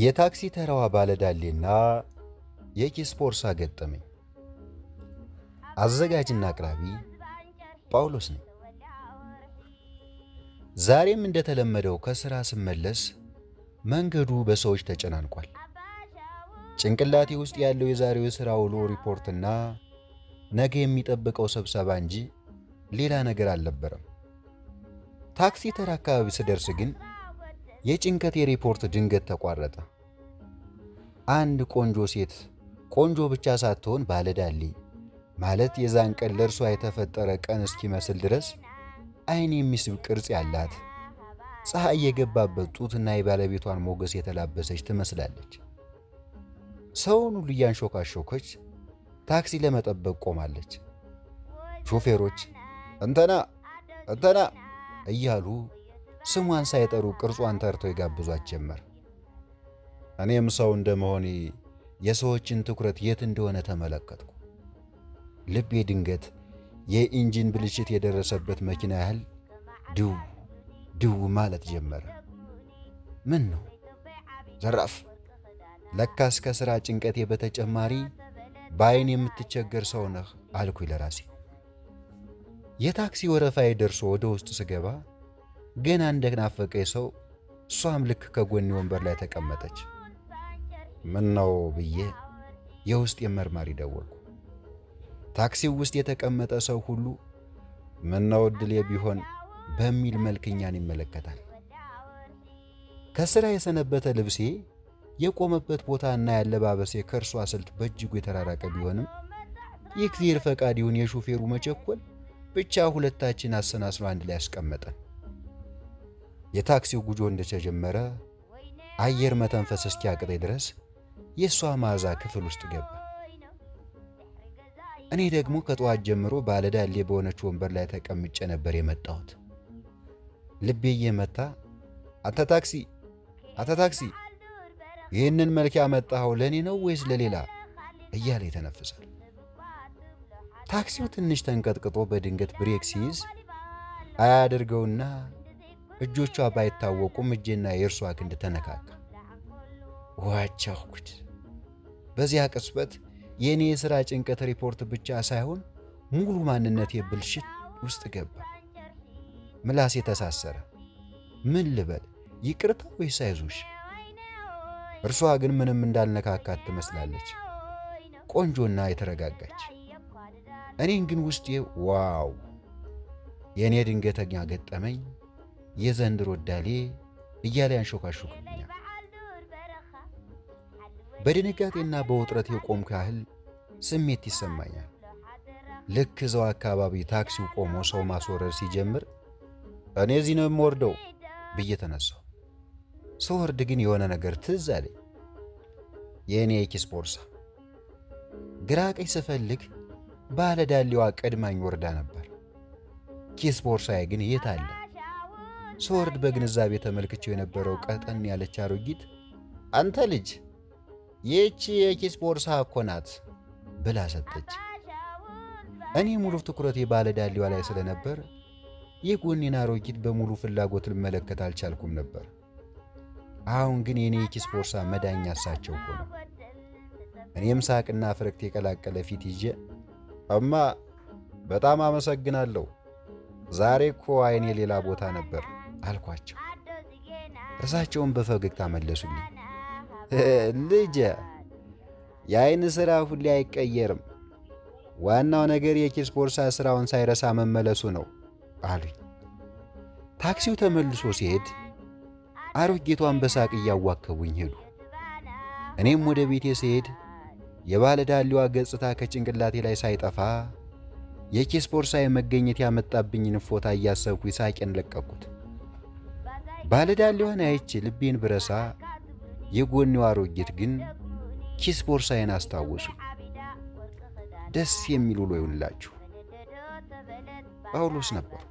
የታክሲ ተራዋ ባለዳሌና የኪስ ቦርሳ ገጠመኝ። አዘጋጅና አቅራቢ ጳውሎስ ነኝ። ዛሬም እንደተለመደው ከሥራ ስመለስ መንገዱ በሰዎች ተጨናንቋል። ጭንቅላቴ ውስጥ ያለው የዛሬው የሥራ ውሎ ሪፖርትና ነገ የሚጠብቀው ስብሰባ እንጂ ሌላ ነገር አልነበረም። ታክሲ ተራ አካባቢ ስደርስ ግን የጭንቀት የሪፖርት ድንገት ተቋረጠ። አንድ ቆንጆ ሴት ቆንጆ ብቻ ሳትሆን ባለዳሌ ማለት የዛን ቀን ለእርሷ የተፈጠረ ቀን እስኪመስል ድረስ አይን የሚስብ ቅርጽ ያላት ፀሐይ የገባበት ጡትና የባለቤቷን ሞገስ የተላበሰች ትመስላለች። ሰውን ሁሉ እያንሾካሾከች ታክሲ ለመጠበቅ ቆማለች። ሾፌሮች እንተና እንተና እያሉ ስሟን ሳይጠሩ ቅርጿን ተርተው ይጋብዟት ጀመር። እኔም ሰው እንደመሆኔ የሰዎችን ትኩረት የት እንደሆነ ተመለከትኩ። ልቤ ድንገት የኢንጂን ብልሽት የደረሰበት መኪና ያህል ድው ድው ማለት ጀመረ። ምን ነው ዘራፍ! ለካስ ከሥራ ጭንቀቴ በተጨማሪ በዐይን የምትቸገር ሰው ነህ አልኩ ለራሴ። የታክሲ ወረፋዬ ደርሶ ወደ ውስጥ ስገባ ገና እንደናፈቀ ሰው እሷም ልክ ከጎኔ ወንበር ላይ ተቀመጠች። ምን ነው ብዬ የውስጥ የመርማሪ ደወልኩ። ታክሲው ውስጥ የተቀመጠ ሰው ሁሉ ምን ነው እድሌ ቢሆን በሚል መልክኛን ይመለከታል። ከስራ የሰነበተ ልብሴ የቆመበት ቦታ እና ያለባበሴ ከእርሷ ስልት በእጅጉ የተራራቀ ቢሆንም የእግዚአብሔር ፈቃድ ይሁን የሾፌሩ መቸኮል ብቻ ሁለታችን አሰናስሎ አንድ ላይ አስቀመጠን። የታክሲው ጉዞ እንደተጀመረ አየር መተንፈስ እስኪያቅተኝ ድረስ የእሷ መዓዛ ክፍል ውስጥ ገባ። እኔ ደግሞ ከጠዋት ጀምሮ ባለዳሌ በሆነች ወንበር ላይ ተቀምጬ ነበር የመጣሁት። ልቤ እየመታ አንተ ታክሲ፣ አንተ ታክሲ፣ ይህንን መልክ ያመጣኸው ለእኔ ነው ወይስ ለሌላ እያለ ይተነፍሳል። ታክሲው ትንሽ ተንቀጥቅጦ በድንገት ብሬክ ሲይዝ አያድርገውና እጆቿ ባይታወቁም እጄና የእርሷ ክንድ ተነካካ። ዋቻሁ በዚያ ቅጽበት የእኔ የሥራ ጭንቀት ሪፖርት ብቻ ሳይሆን ሙሉ ማንነት ብልሽት ውስጥ ገባ። ምላሴ ተሳሰረ። ምን ልበል? ይቅርታ ወይስ ሳይዙሽ እርሷ ግን ምንም እንዳልነካካት ትመስላለች፣ ቆንጆና የተረጋጋች። እኔን ግን ውስጤ ዋው! የእኔ ድንገተኛ ገጠመኝ የዘንድሮ ዳሌ እያለ ያንሾካሾክብኛል። በድንጋጤና በውጥረት የቆምኩ ያህል ስሜት ይሰማኛል። ልክ እዛው አካባቢ ታክሲው ቆሞ ሰው ማስወረድ ሲጀምር እኔ እዚህ ነው የምወርደው ብዬ ተነሳው! ሰው እርድ ግን የሆነ ነገር ትዝ አለኝ። የእኔ የኪስ ቦርሳ ግራ ቀኝ ስፈልግ ባለ ዳሌዋ ቀድማኝ ወርዳ ነበር። ኪስ ቦርሳዬ ግን የት አለ? ስወርድ በግንዛቤ ተመልክቼው የነበረው ቀጠን ያለች አሮጊት አንተ ልጅ ይህቺ የኪስ ቦርሳ እኮ ናት ብላ ሰጠች። እኔ ሙሉ ትኩረቴ ባለ ዳሌዋ ላይ ስለነበር ይህ ጎኔን አሮጊት በሙሉ ፍላጎት ልመለከት አልቻልኩም ነበር። አሁን ግን የእኔ የኪስ ቦርሳ መዳኛ እሳቸው እኮ እኔም ሳቅና ፍረክት የቀላቀለ ፊት ይዤ እማ በጣም አመሰግናለሁ ዛሬ እኮ አይኔ ሌላ ቦታ ነበር አልኳቸው። እርሳቸውን በፈገግታ መለሱልኝ። ልጄ የአይን ሥራ ሁሌ አይቀየርም፣ ዋናው ነገር የኪስ ቦርሳ ሥራውን ሳይረሳ መመለሱ ነው አሉኝ። ታክሲው ተመልሶ ሲሄድ አሮጌቷን በሳቅ እያዋከቡኝ ሄዱ። እኔም ወደ ቤቴ ስሄድ የባለዳሊዋ ገጽታ ከጭንቅላቴ ላይ ሳይጠፋ የኪስ ቦርሳ የመገኘት ያመጣብኝን ፎታ እያሰብኩ ሳቄን ለቀኩት። ባለዳ ሊሆን አይቼ ልቤን ብረሳ የጎኔው አሮጌት ግን ኪስ ቦርሳዬን አስታወሱ። ደስ የሚል ውሎ ይሁንላችሁ። ጳውሎስ ነበሩ